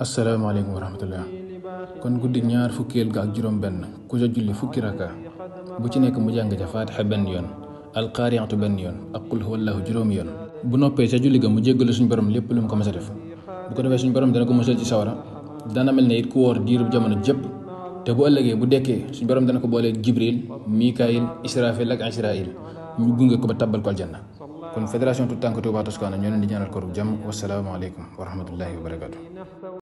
alaykum wa rahmatullah kon guddi ñaar fukkeel ga ak juroom ben ku ca julli fukki raka bu ci nek mu jàng ca faatixa benn yoon alqaariatu benn yoon ak qul huwallahu juroom yon bu noppé ca julli ga mu jéggal suñu borom lepp lu mu ko mësa def bu ko defee suñu borom dana ko mësa ci sawara dana melni it ku wor diirub jamono jep te bu ëllëgé bu déké suñu borom dana ko bolé jibril mikail israfil ak israil ñu gungé ko ba tabal ko aljanna kon fédération tout tànk Touba Toscana ñoo leen di ñaanal koru jàmm wasalaamaaleykum wa rahmatullahi wa